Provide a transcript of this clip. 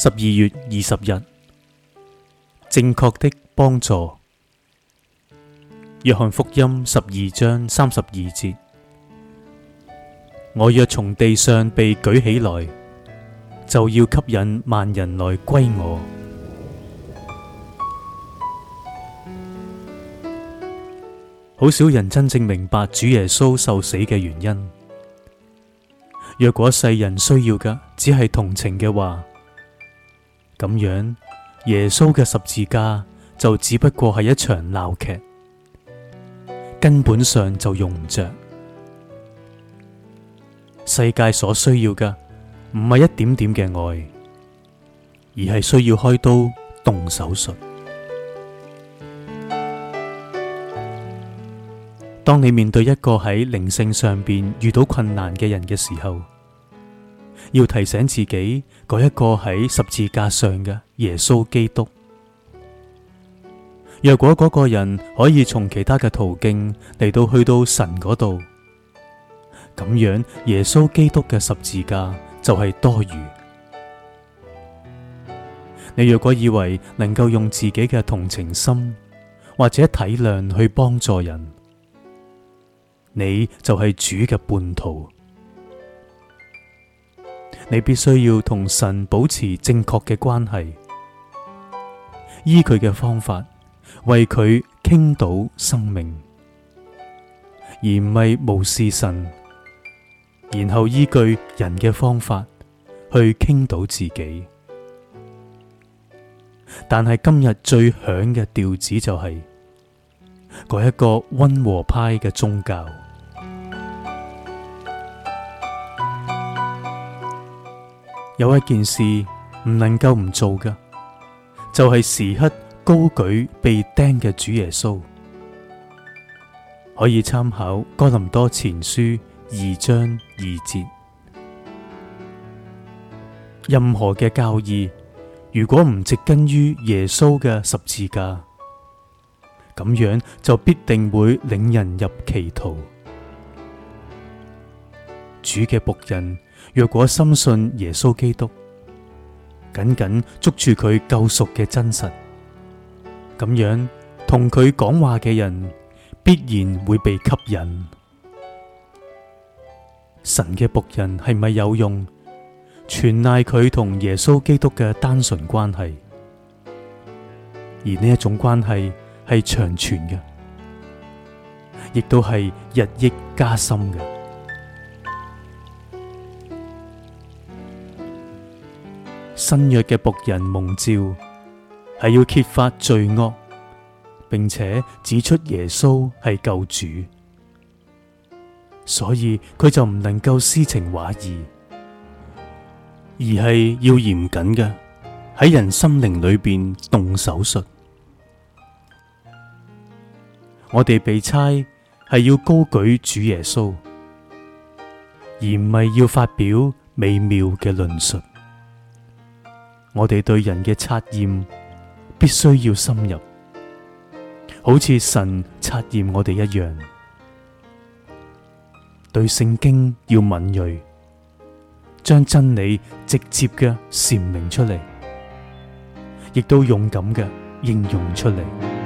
十二月二十日，正確的幫助。約翰福音十二章三十二節：我若從地上被舉起來，就要吸引萬人來歸我。好少人真正明白主耶穌受死嘅原因。若果世人需要嘅只係同情嘅話，咁樣，耶穌嘅十字架就只不過係一場鬧劇，根本上就用唔着。世界所需要嘅唔係一點點嘅愛，而係需要開刀動手術。當你面對一個喺靈性上面遇到困難嘅人嘅時候，要提醒自己，嗰一個喺十字架上嘅耶穌基督。若果嗰個人可以從其他嘅途徑嚟到去到神嗰度，咁樣耶穌基督嘅十字架就係多餘。你若果以為能夠用自己嘅同情心或者體諒去幫助人，你就係主嘅叛徒。你必須要同神保持正確嘅關係，依佢嘅方法為佢傾倒生命，而唔係無視神，然後依據人嘅方法去傾倒自己。但係今日最響嘅調子就係嗰一個溫和派嘅宗教。有一件事唔能夠唔做噶，就係、是、時刻高舉被釘嘅主耶穌，可以參考哥林多前書二章二節。任何嘅教義，如果唔植根於耶穌嘅十字架，咁樣就必定會令人入歧途。主嘅僕人。若果深信耶穌基督，緊緊捉住佢救贖嘅真實，咁樣同佢講話嘅人必然會被吸引。神嘅僕人係咪有用？全賴佢同耶穌基督嘅單純關係，而呢一種關係係長存嘅，亦都係日益加深嘅。新約嘅僕人蒙召係要揭發罪惡，並且指出耶穌係救主，所以佢就唔能夠詩情畫意，而係要嚴謹嘅喺人心靈裏邊動手術。我哋被差係要高舉主耶穌，而唔係要發表美妙嘅論述。我哋對人嘅測驗必須要深入，好似神測驗我哋一樣，對聖經要敏銳，將真理直接嘅闡明出嚟，亦都勇敢嘅應用出嚟。